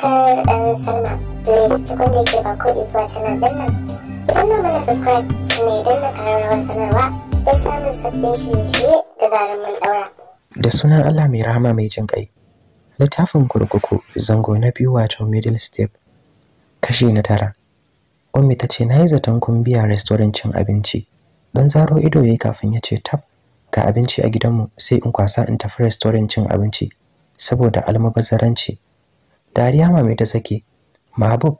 subscribe and sign up. Please da subscribe sanarwa don samun da sunan Allah mai rahama mai jin kai. Littafin kurkuku zango na biyu wato middle step kashi na tara. Ummi ta ce na yi zaton kumbiya biya restaurant cin abinci. don zaro ido yayi kafin ya ce tab ga abinci a gidanmu sai in kwasa in tafi restaurant cin abinci saboda almubazzaranci dariya mai ta sake mahbub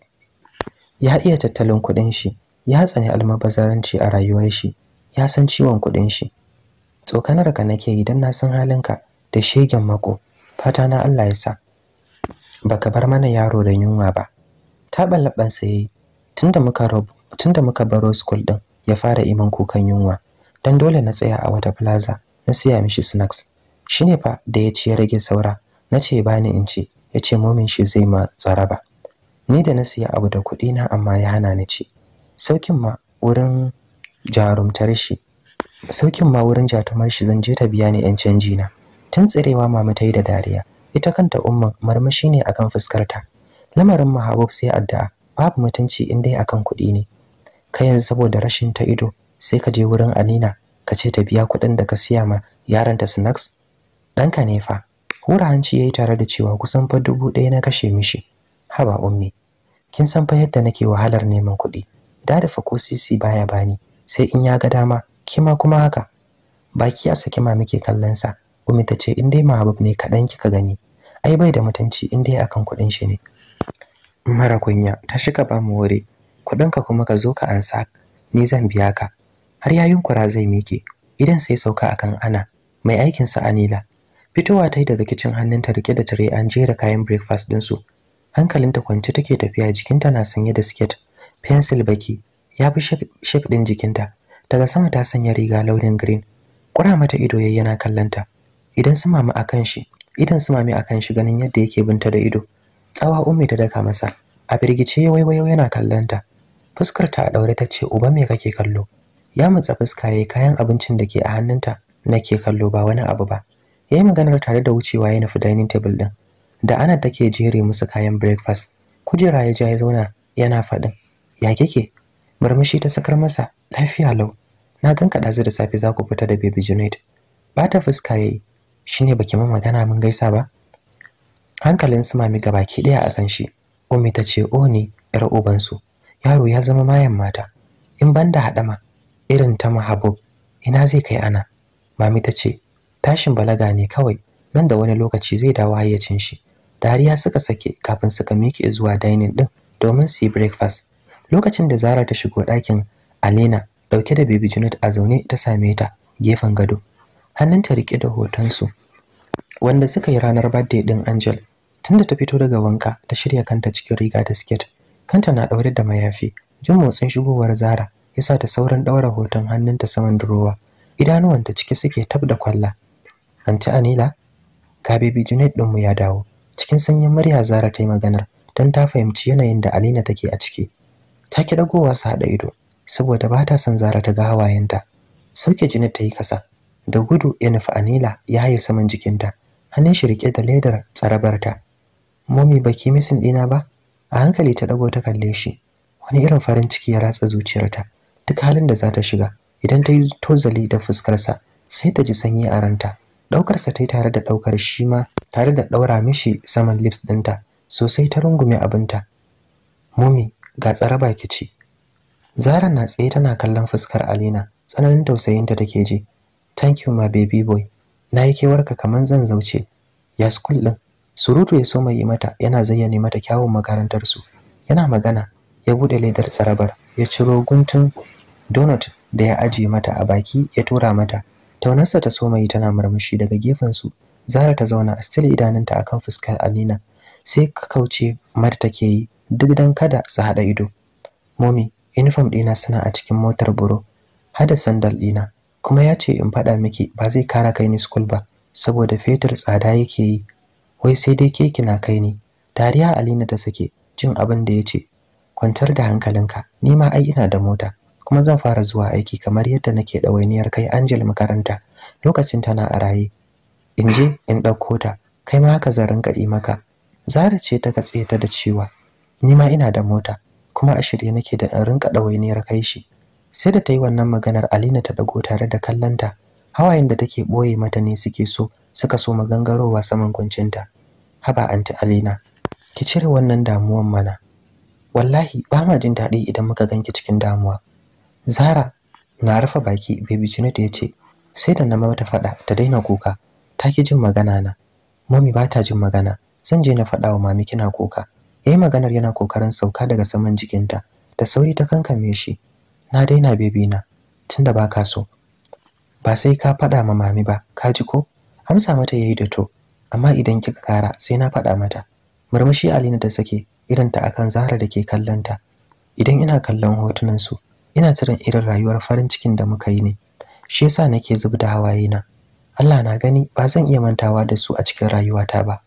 ya iya tattalin kuɗin shi ya tsani almabazaranci a rayuwar shi ya san ciwon kuɗin shi tsokanar ka nake yi don na san halin ka da shegen mako fata na Allah ya sa baka bar mana yaro da yunwa ba ta ballaban yayi tunda muka tunda muka baro school din ya fara iman kukan yunwa dan dole na tsaya a wata plaza na siya mishi snacks shine fa da ya ci ya rage saura nace bani in ci ya ce momin shi zai ma tsaraba ni da na siya abu da kuɗi na amma ya hana ni ci saukin ma wurin jarumtar shi saukin ma wurin jatumar shi zan je ta biya ni yan canji na tun tsirewa mama ta yi da dariya ita kanta umman marmashi ne akan fuskarta lamarin mahabub sai addu'a babu mutunci in dai akan kuɗi ne kai yanzu saboda rashin ta ido sai ka je wurin Anina ka ce ta biya kuɗin da ka siya ma yaranta snacks ɗanka ne fa hura hanci ya yi tare da cewa kusan fa dubu ɗaya na kashe mishi haba ummi kin san fa yadda nake wahalar neman kuɗi da da fa ko sisi baya bani sai in ya ga dama kima kuma haka baki a saki ma muke kallon sa ummi ta ce in dai mahabub ne kaɗan kika gani ai bai da mutunci in dai akan kuɗin shi ne mara kunya ta shiga ba mu wuri kuɗinka kuma ka zo ka ansa ni zan biya ka har yayin kura zai miƙe idan sai sauka akan ana mai aikin sa anila fitowa ta yi daga kicin hannunta rike da tare an jera kayan breakfast ɗinsu hankalinta kwance take tafiya jikinta na sanye da siket pencil baki ya bi shef ɗin jikinta daga sama ta sanya riga launin green ƙura mata ido yayi yana kallanta idan su a kan shi idan su mami akan shi ganin yadda yake binta da ido tsawa ummi ta daka masa a firgice waiwayo yana kallanta fuskar ta a daure ta ce uba me kake kallo ya mutsa fuska yayi kayan abincin da ke a hannunta nake kallo ba wani abu ba ya yi maganar tare da wucewa ya nufi dining table din. da ana take jere musu kayan breakfast kujera ya ja ya zauna yana faɗin ya kike murmushi ta sakar masa lafiya lau na ganka ɗazu da safe za ku fita da baby junaid ta fuska yayi shine baki ma magana mun gaisa ba hankalin su mami baki daya akan shi ummi ta ce o oh ne yar ubansu. yaro ya zama mayan mata in banda hadama irin ta mahabub ina zai kai ana mami ta ce tashin balaga ne kawai nan da wani lokaci zai dawo hayyacin shi dariya suka sake kafin suka miƙe zuwa dining din domin su yi breakfast lokacin da zara ta shigo ɗakin alena ɗauke da baby junit a zaune ta same ta gefen gado hannunta riƙe da hotonsu wanda suka yi ranar birthday din angel tunda ta fito daga wanka ta shirya kanta cikin riga da skirt kanta na ɗaure da mayafi jin motsin shigowar zara yasa ta sauran ɗaura hoton hannunta saman durowa idanuwanta cike suke tab da kwalla anti anila kabebi baby junaid ɗinmu ya dawo cikin sanyin murya zara ta yi maganar don ta fahimci yanayin da alina take a ciki ta ki dagowa su haɗa ido saboda ba ta son zara ta ga hawayenta sauke junaid ta yi kasa da gudu ya nufi anila ya haye saman jikinta hannun shi riƙe da ledar tsarabarta momi baki misin ɗina ba a hankali ta ɗago ta kalle shi wani irin farin ciki ya ratsa zuciyarta duk halin da za ta shiga idan ta yi tozali da fuskarsa sai ta ji sanyi a ranta ɗaukarsa ta yi tare da ɗaukar shi ma tare da ɗaura mishi saman lips ɗinta sosai ta rungume abinta mumi ga tsaraba ki ci zara na tsaye tana kallon fuskar alina tsananin tausayin ta take ji thank you my baby boy na yi kewarka kamar zan zauce ya school ɗin surutu ya so mai yi mata yana zayyane mata kyawun makarantar su yana magana ya buɗe ledar tsarabar ya ciro guntun donut da ya ajiye mata a baki ya tura mata taunarsa ta soma yi tana murmushi daga gefen su zara ta zauna a stil idanunta akan fuskar alina sai ka kauce mata take yi duk dan kada su haɗa ido momi uniform ɗina suna a cikin motar buro hada sandal ɗina kuma ya ce in faɗa miki ba zai kara kai ni school ba saboda fetur tsada yake yi wai sai dai ke kina kai ni dariya alina ta sake jin abin da ya ce kwantar da hankalinka ni ma ai ina da mota kuma zan fara zuwa aiki kamar yadda nake ɗawainiyar kai Angel makaranta lokacin tana a raye in je in ɗauko ta kai ma haka zan rinka yi maka Zara ce ta katse ta da cewa ni ma ina da mota kuma a shirye nake da in rinka ɗawainiyar kai shi sai da ta yi wannan maganar Alina ta dago tare da kallanta hawayen da take ɓoye mata ne suke so suka so magangarowa saman kuncinta haba anti Alina ki cire wannan damuwan mana wallahi ba ma jin daɗi idan muka ganki cikin damuwa Zara na rufe baki baby Junita ya ce sai da na mata faɗa ta daina kuka ta ki jin magana na mami ba ta jin magana zan je na faɗa wa mami kina kuka yayi maganar yana kokarin sauka daga saman jikinta da sauri ta kankame shi na daina baby na tunda ba ka so ba sai ka faɗa ma mami ba ka ji ko amsa mata yayi da to amma idan kika kara sai na faɗa mata murmushi Alina ta sake irin ta akan Zara da ke kallonta idan ina kallon hotunan su ina jiran irin rayuwar farin cikin da muka yi ne shi yasa nake zub da hawaye na Allah na gani ba zan iya mantawa da su a cikin rayuwata ba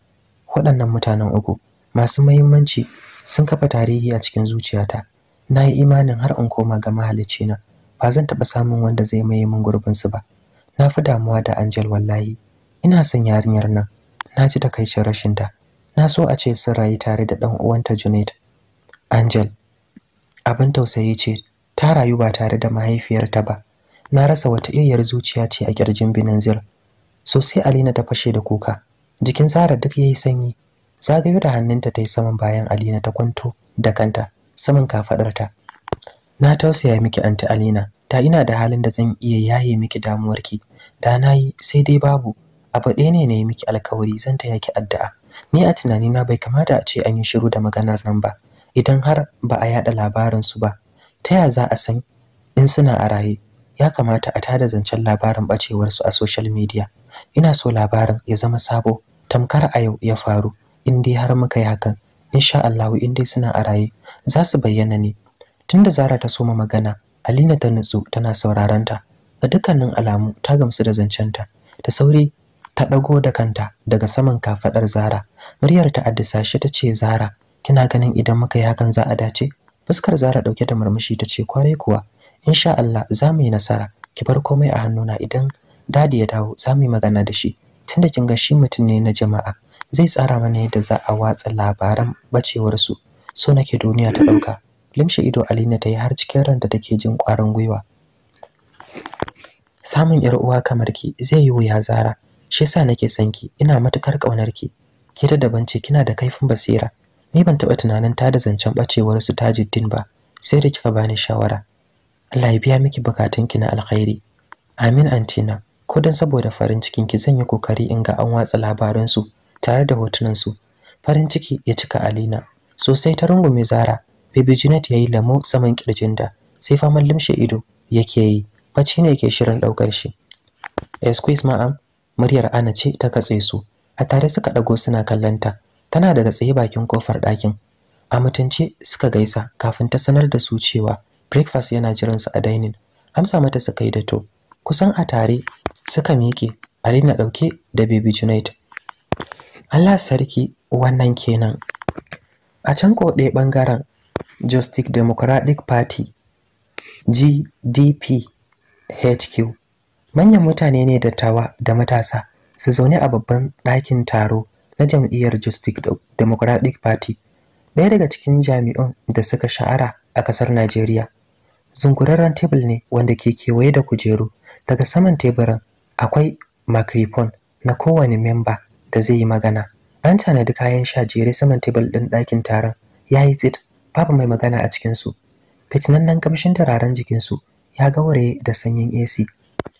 waɗannan mutanen uku masu muhimmanci sun kafa tarihi a cikin zuciyata na yi imanin har in koma ga mahalicci na. ba zan taɓa samun wanda zai maye min gurbin su ba na fi damuwa da Angel wallahi ina son yarinyar nan na ji takaicin rashin ta na so a ce sun rayu tare da ɗan uwanta Junaid Angel abin tausayi ce ta rayu ba tare da mahaifiyarta ba na rasa wata iriyar zuciya ce a kirjin binanzir so sai alina ta fashe da kuka jikin zara duk yayi sanyi zagayo da hannunta ta yi saman bayan alina ta kwanto da kanta saman kafadarta na tausaya miki anti alina ta ina da halin da zan iya yaye miki damuwarki da na yi sai dai babu abu ɗaya ne na yi miki alkawari zan taya ki addu'a ni a tunanina bai kamata a ce an yi shiru da maganar nan ba idan har ba a yaɗa su ba ta ya za a san in suna a raye ya kamata a tada zancen labarin bacewarsu a social media ina so labarin ya zama sabo tamkar a yau ya faru in dai har muka yi hakan insha Allah in dai suna a raye za su bayyana ne tunda Zara ta soma magana Alina ta nutsu tana sauraron ta da dukkanin alamu ta gamsu da zancenta ta sauri ta dago da kanta daga saman kafadar Zara muryar ta addisa shi tace Zara kina ganin idan muka yi hakan za a dace fuskar Zara dauke da murmushi ta ce kwarai kuwa insha Allah za mu yi nasara ki bar komai a hannuna idan dadi ya dawo za mu yi magana da shi tunda kin ga shi mutum ne na jama'a zai tsara mana yadda za a watsa labaran bacewar su so nake duniya ta dauka limshe ido Alina ta yi har cikin ranta take jin kwarin gwiwa samun yar uwa kamar ki zai yi wuya Zara shi yasa nake son ki ina matukar kaunar ki ke da daban ce kina da kaifin basira ni ban taɓa tunanin ta da zancen ɓacewar su jiddin ba sai da kika bani shawara Allah ya biya miki bukatunki na alkhairi amin antina ko dan saboda farin cikin ki zan yi kokari in ga an watsa labaran su tare da hotunan su farin ciki ya cika alina sosai ta rungume zara baby ya yayi lamo saman kirjin da. sai faman limshe ido yake yi bacci ne ke shirin ɗaukar shi excuse ma'am muryar ana ce ta katse su a tare suka dago suna kallanta tana daga tsaye bakin kofar ɗakin a mutunce suka gaisa kafin ta sanar da su cewa breakfast yana jiran su a dining amsa mata suka yi da to kusan a tare suka miƙe Ali na ɗauke da baby Junaid Allah sarki wannan kenan a can koɗe ɓangaren Justice Democratic Party GDP HQ manyan mutane ne dattawa da matasa su zaune a babban ɗakin taro na jam'iyyar Justice Democratic Party, ɗaya daga cikin jami'un da suka sha'ara a ƙasar Najeriya. Zungurarren tebul ne wanda ke kewaye da kujeru. Daga saman teburin akwai microphone na kowane memba da zai yi magana. An tanadi kayan sha jere saman tebul ɗin ɗakin taron. Ya yi tsit, babu mai magana a cikinsu. Fitinannen kamshin turaren jikinsu ya gauraye da sanyin AC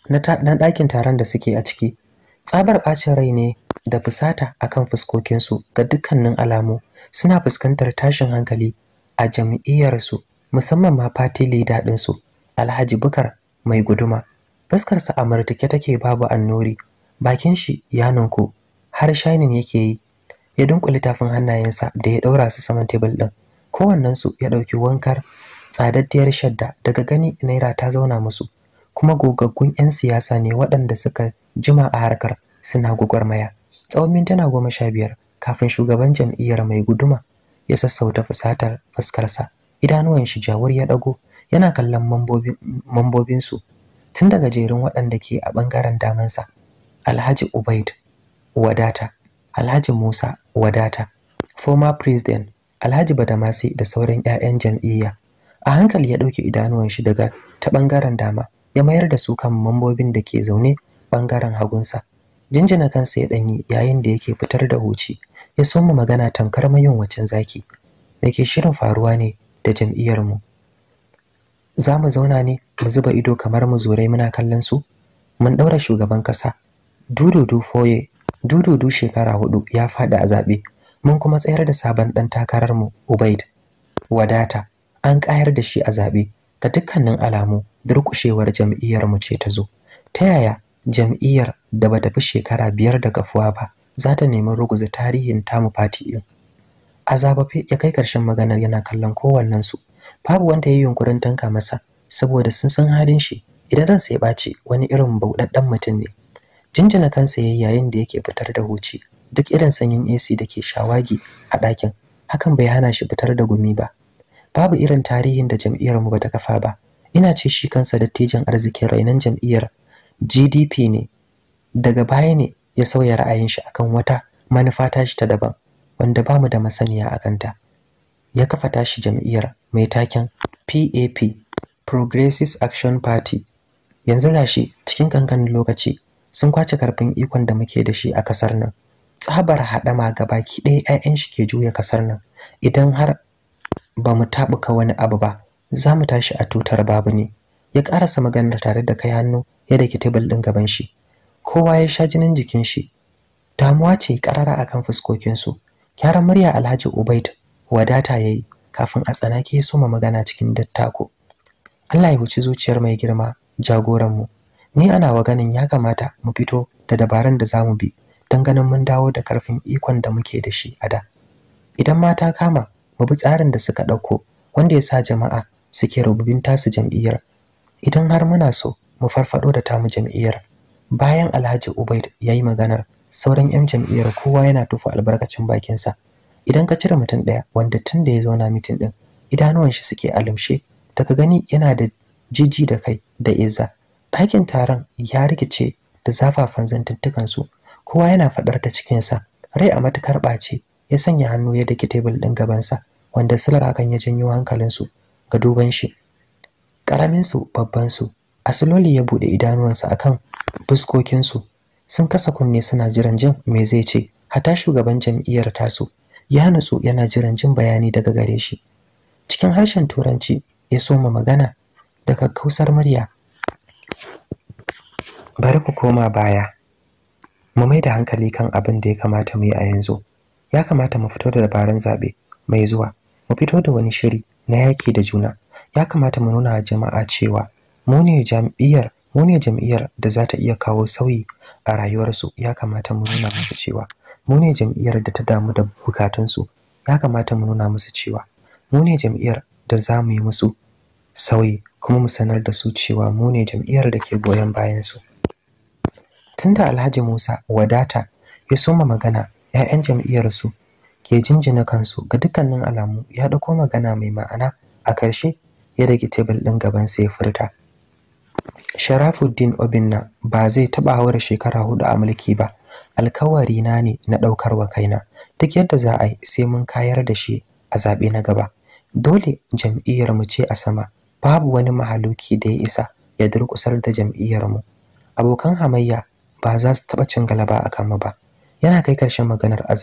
na ɗakin taron da suke a ciki. Tsabar ɓacin rai ne da fusata akan fuskokinsu ga dukkanin alamu suna fuskantar tashin hankali a jam'iyyarsu musamman ma fati leda ɗinsu alhaji bukar mai guduma fuskarsa a martake take babu annori bakin shi ya nunku har shining yake yi ya dunkule tafin hannayensa da ya ɗaura su saman tebul ɗin kowannensu ya ɗauki wankar tsadaddiyar shadda daga gani naira ta zauna musu kuma gogaggun 'yan siyasa ne waɗanda suka jima a harkar suna gwagwarmaya tsawon mintuna goma sha biyar kafin shugaban jam'iyyar mai guduma ya sassauta fusatar fuskarsa idanuwan shi jawar ya ɗago yana kallon mambobinsu tun daga jerin waɗanda ke a ɓangaren damansa alhaji ubaid wadata alhaji musa wadata former president alhaji badamasi da sauran 'ya'yan jam'iyya a hankali ya ɗauke idanuwan shi daga ta ɓangaren dama ya mayar da su kan mambobin da ke zaune ɓangaren hagunsa jinjina kansa ya danyi yayin da yake fitar da huci ya soma magana tankar tamkar mayunwacin zaki me ke shirin faruwa ne da jam'iyyar mu za mu zauna ne mu zuba ido kamar mu zurai muna kallon su mun daura shugaban kasa dududu foye dududu shekara hudu ya fada a zabe mun kuma tsayar da sabon dan takarar mu Ubaid wadata an kayar da shi a zabe ga dukkanin alamu durkushewar jam'iyyar mu ce ta zo ta yaya jam'iyyar da bata fi shekara biyar da kafuwa ba za ta nemi ruguza tarihin tamu fati A azabafe ya kai karshen maganar yana kallon kowannen su babu wanda ya yi yunkurin tanka masa saboda sun san halin shi idan ransa ya ɓaci wani irin bauɗaɗɗen mutum ne jinjina kansa ya yayi yayin da yake fitar da huci duk irin sanyin AC da ke shawagi a ɗakin hakan bai hana shi fitar da gumi ba babu irin tarihin da jam'iyyar mu bata kafa ba ina ce shi kansa dattijan arzikin rainan jam'iyyar GDP ne daga baya ne ya sauya ra'ayin shi akan wata manufa tashi ta daban wanda ba mu da masaniya a kanta ya kafa tashi jam'iyyar mai taken PAP Progressive Action Party yanzu gashi cikin kankanin lokaci sun kwace karfin ikon da muke da shi a kasar nan tsabar haɗama ga baki ɗaya 'ya'yan shi ke juya kasar nan idan har ba mu taɓuka wani abu ba za mu tashi a tutar babu ne ya ƙarasa maganar tare da kai hannu ya daki tebul ɗin gaban shi kowa ya sha jinin jikin shi damuwa ce karara akan fuskokinsu kyaran murya alhaji ubaid wadata yayi kafin a tsanake su ma magana cikin dattako allah ya wuci zuciyar mai girma jagoranmu ni ana wa ganin ya kamata mu fito da dabarun da zamu bi dan ganin mun dawo da karfin ikon da muke da shi a da idan mata kama mu bi tsarin da suka ɗauko wanda ya sa jama'a suke rububin tasu jam'iyyar idan har muna so mu farfado da tamu jam'iyyar bayan Alhaji Ubaid yayi maganar sauran yan jam'iyyar kowa yana tufa albarkacin bakinsa idan ka cire mutum daya wanda tun da ya na meeting din idanuwan shi suke alumshe daga gani yana da jiji da kai da izza ɗakin taron ya rikice da zafafan zantuntukan su kowa yana fadar ta cikin sa rai a matukar ɓace ya sanya hannu ya daki tebul din gaban sa wanda silar hakan ya janyo hankalin su ga duban shi karamin su babban su asiloli ya buɗe idanuwansa akan fuskokinsu sun kasa kunne suna jiran jin me zai ce hata shugaban jam'iyyar tasu ya nutsu yana jiran jin bayani daga gare shi cikin harshen turanci ya soma magana da kakkausar murya bari ku koma baya mu mai da hankali kan abin da ya kamata mu yi a yanzu ya kamata mu fito da dabarun zaɓe mai zuwa mu fito da wani shiri na yaƙi da juna ya kamata mu nuna jama'a cewa mu ne jam'iyyar mu jam'iyyar da za ta iya kawo sauyi a rayuwarsu ya kamata mu nuna musu cewa mu ne jam'iyyar da ta damu da bukatunsu ya kamata mu nuna musu cewa mu ne jam'iyyar da za mu yi musu sauyi kuma mu sanar da su cewa mu ne jam'iyyar da ke goyon bayansu tunda alhaji musa wadata ya soma magana 'ya'yan jam'iyyarsu ke jinjina kansu ga dukkanin alamu ya ɗauko magana mai ma'ana a ƙarshe ya rage tebul ɗin gaban sa ya furta Sharafuddin Obinna ba zai taɓa haura shekara hudu a mulki ba. Alkawari na ne na ɗaukar wa kaina. Duk yadda za a yi sai mun kayar da shi a zaɓe na gaba. Dole jam'iyyar mu ce a sama. Babu wani mahaluki da ya isa ya durƙusar da jam'iyyar mu. Abokan hamayya ba za su taɓa cin galaba a kanmu ba. Yana kai karshen maganar a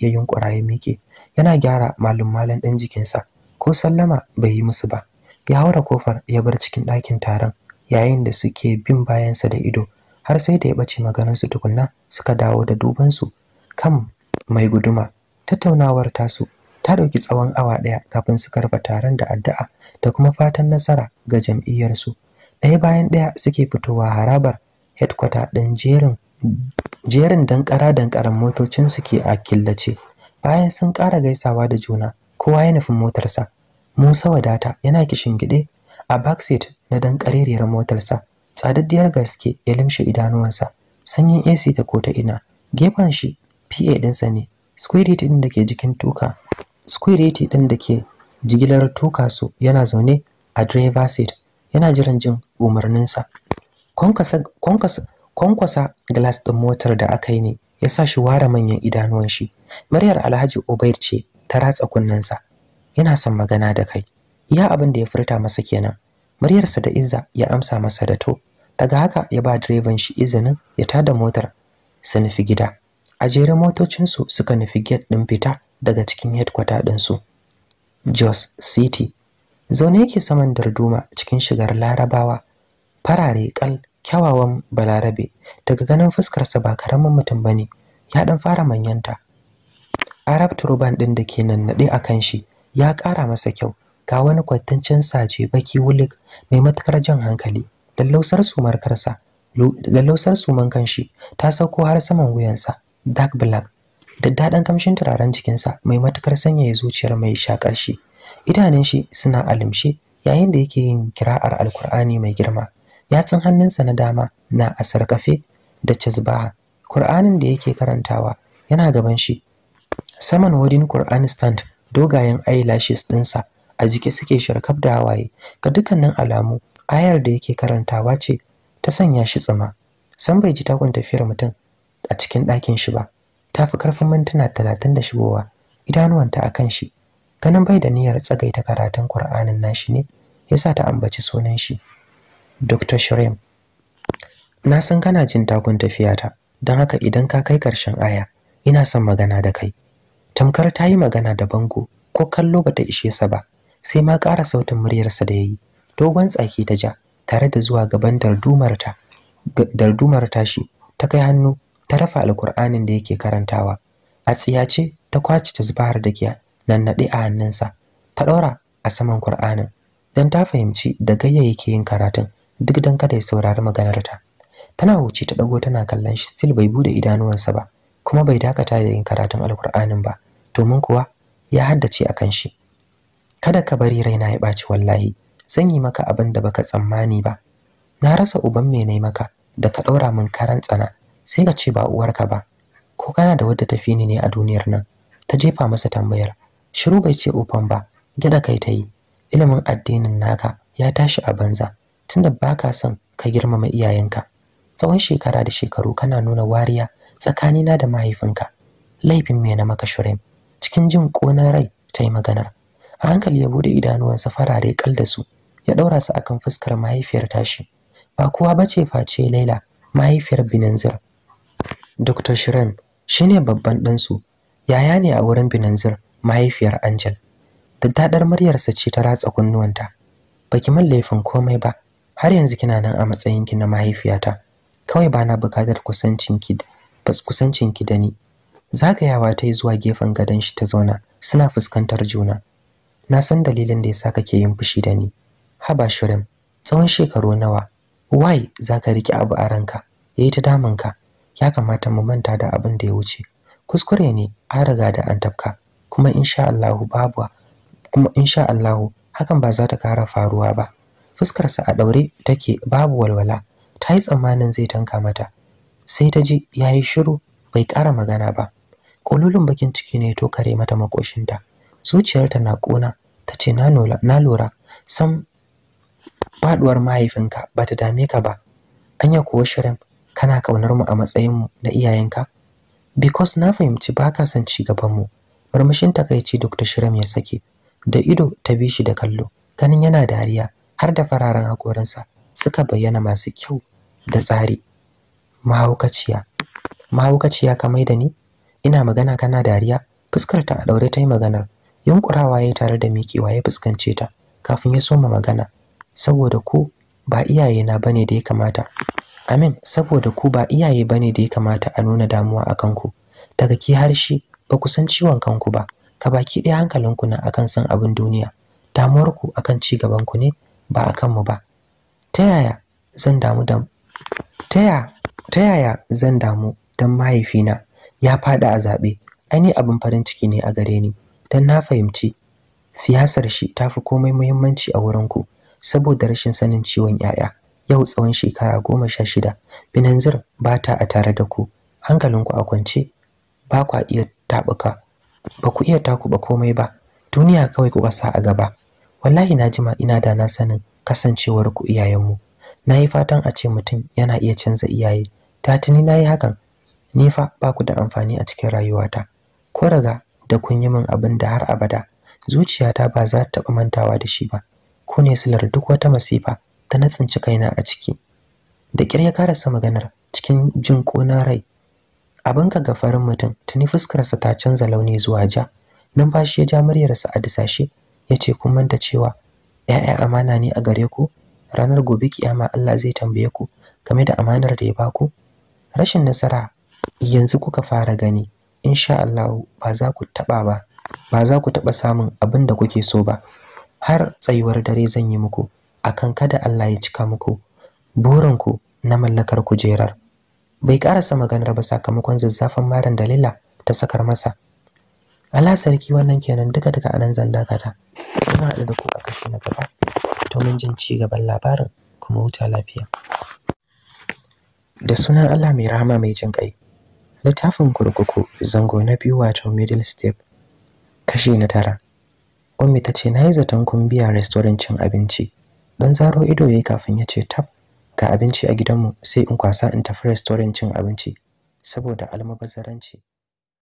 ya yunƙura ya miƙe. Yana gyara malum-malan ɗan jikinsa. Ko sallama bai yi musu ba. Ya haura kofar ya bar cikin ɗakin taron. yayin da suke bin bayansa da ido har sai da ya ɓace su tukunna suka dawo da dubansu kan mai guduma tattaunawar tasu ta ɗauki tsawon awa ɗaya kafin su karfa taron da addu'a da kuma fatan nasara ga jam'iyyarsu ɗaya bayan ɗaya suke fitowa harabar headquarter ɗin jerin jerin dankara dankaran motocin su ke a killace bayan sun ƙara gaisawa da juna kowa ya nufin motarsa musa wadata yana kishin gide a backseat na dan ƙarerriyar motarsa tsadaddiyar gaske ya limshe idanuwansa sanyin AC ta kota ina gefen shi PA ɗinsa ne squirity ɗin da ke jikin tuka squirity ɗin da ke jigilar tuka su yana zaune a driver seat yana jiran jin umarninsa kwankwasa glass ɗin motar da aka yi ne ya sa shi ware manyan idanuwan shi muryar alhaji obair ce ta ratsa kunnensa yana son magana da kai iya abin da ya furta masa kenan muryarsa da izza ya amsa masa da to daga haka ya ba direban shi izinin ya tada motar su nufi gida a jere motocinsu suka nufi gate ɗin fita daga cikin headquarter ɗinsu jos city zaune yake saman darduma cikin shigar larabawa farare kal kyawawan balarabe daga ganin fuskarsa ba karamin mutum ba ne. ya ɗan fara manyanta arab turban ɗin da ke nannaɗe a kan shi ya ƙara masa kyau ga wani kwattancen saje baki wulik mai matakar jan hankali lallausar lausar suman kanshi ta sauko har saman wuyansa dark black da daɗin kamshin turaren jikinsa mai matukar sanyaya zuciyar mai shakar shi idanun shi suna alimshi yayin da yake yin kira'ar alkur'ani mai girma ya tsin hannunsa na dama na asar kafe da cizbaha. kur'anin da yake karantawa yana gaban shi saman wadin kur'an stand dogayen eyelashes ɗinsa a jiki suke sharkaf da hawaye ga dukkanin alamu ayar da yake karantawa ce ta sanya shi tsima san bai ji takun tafiyar mutum a cikin ɗakin shi ba ta fi karfin mintuna talatin da shigowa idanuwanta a kan shi ganin bai da niyyar tsagaita karatun Kur'anin nashi ne yasa ta ambaci sunan shi Dr. shirem na san kana jin takun tafiyata don haka idan ka kai karshen aya ina son magana da kai tamkar ta yi magana da bango ko kallo bata ishe sa ba sai ma ƙara sautin muryarsa da ya yi dogon tsaki ta ja tare da zuwa gaban dardumarta dardumar tashi ta kai hannu ta rafa alkur'anin da yake karantawa a tsiyace ta kwaci ta zubar da kiya nan naɗe a hannunsa ta ɗaura a saman kur'anin don ta fahimci da gayya yake yin karatun duk don kada ya saurari maganarta tana wuce ta ɗago tana kallon shi still bai bude idanuwansa ba kuma bai dakata da yin karatun alkur'anin ba domin kuwa ya haddace a kan shi kada ka bari raina ya ɓaci wallahi zan yi maka abin da baka tsammani ba na rasa uban mai nai maka da ka ɗaura min karan tsana sai ka ce ba uwarka ba ko kana da wadda tafi ni ne a duniyar nan ta jefa masa tambayar shiru bai ce ufan ba gida kai ta yi ilimin addinin naka ya tashi a banza tunda baka son ka girmama iyayenka tsawon shekara da shekaru kana nuna wariya tsakanina da mahaifinka laifin mai na maka shirin cikin jin ƙonan rai ta yi maganar a hankali ya bude idanuwansa farare kal da su ya ɗaura su akan fuskar mahaifiyar tashi ba kowa bace face Laila mahaifiyar Binanzir Dr. Shirin shine babban ɗansu yaya ne a wurin Binanzir mahaifiyar Angel daddadar muryarsa ce ta ratsa kunnuwanta baki min laifin komai ba har yanzu kina nan a matsayinki na mahaifiyata kawai bana bukatar kusancinki bas kusancinki da ni zagayawa ta yi zuwa gefen gadon shi ta zauna suna fuskantar juna na san dalilin da yasa kake yin fushi da ni haba shirin tsawon shekaru nawa why ka riƙe abu a ranka yayi ta damun ka ya kamata mu manta da abin da ya wuce kuskure ne an riga da an tafka kuma insha Allah babu kuma insha Allah hakan ba za ta kara faruwa ba fuskarsa a daure take babu walwala ta yi tsammanin zai tanka mata sai ta ji ya yi shiru bai ƙara magana ba Kululun bakin ciki ne to kare mata makoshinta zuciyarta na ƙona ta ce na lura sam faduwar mahaifinka ba ta dame ka ba An yi kuwa shirin kana kaunar mu a matsayinmu na iyayenka because na fahimci ba ka son ci gaban mu murmushin takaici Dr. Shiram ya sake da ido ta bi shi da kallo ganin yana dariya har da fararen hakoransa suka bayyana masu kyau da tsari mahaukaciya mahaukaciya ka da ni ina magana kana dariya Fuskarta a daure ta yi maganar yunkurawa ya tare da mikewa ya fuskance ta kafin ya soma magana saboda ku ba iyaye na bane da ya kamata amin saboda ku ba iyaye bane da ya kamata a nuna damuwa akan ku daga ki har ba ku san ciwon kanku ba ka baki ɗaya hankalinku na akan san abin duniya Damuwar ku akan ci gabanku ne ba akan mu ba ta yaya zan damu da ta yaya zan damu don mahaifina ya faɗi a zaɓe ainihin abin farin ciki ne a gare ni dan na fahimci siyasar shi tafi komai muhimmanci a wurin ku saboda rashin sanin ciwon 'ya'ya yau tsawon shekara goma sha shida binanzir ba ta a tare da ku hankalinku a kwance ba kwa iya taɓuka ba ku iya taku ba komai ba duniya kawai ku sa a gaba wallahi na jima ina da na sanin kasancewar ku iyayenmu na yi fatan a ce mutum yana iya canza iyaye ta tuni na yi hakan ni fa ba ku da amfani a cikin rayuwata ko raga? da kun yi min abin da har abada zuciyata ba za ta taɓa mantawa da shi ba ko ne silar duk wata masifa ta na tsinci kaina a ciki da ƙyar ya karasa maganar cikin jin ƙona rai abin ka ga farin mutum tuni fuskarsa ta canza launi zuwa ja numfashi ya ja muryarsa a disashe ya ce kun manta cewa ‘ya'ya amana ne a gare ku ranar gobe kiyama Allah zai tambaye ku game da amanar da ya baku rashin nasara yanzu kuka fara gani insha Allah ba za ku taɓa ba ba za ku taɓa samun abin da kuke so ba har tsayuwar dare zan yi muku akan kada Allah ya cika muku burin ku na mallakar kujerar bai karasa maganar ba sakamakon zazzafan maran dalila ta sakar masa Allah sarki wannan kenan duka duka anan zan dakata sai haɗu da ku a kashi na gaba To mun jin ci gaban labarin kuma huta lafiya da sunan Allah mai rahama mai jin kai littafin kurkuku zango na biyu wato middle step kashi na tara ummi ta ce na yi zaton kun biya restaurant cin abinci dan zaro ido yayi kafin ya ce tab ga abinci a gidanmu sai in kwasa in tafi restaurant cin abinci saboda almabazaranci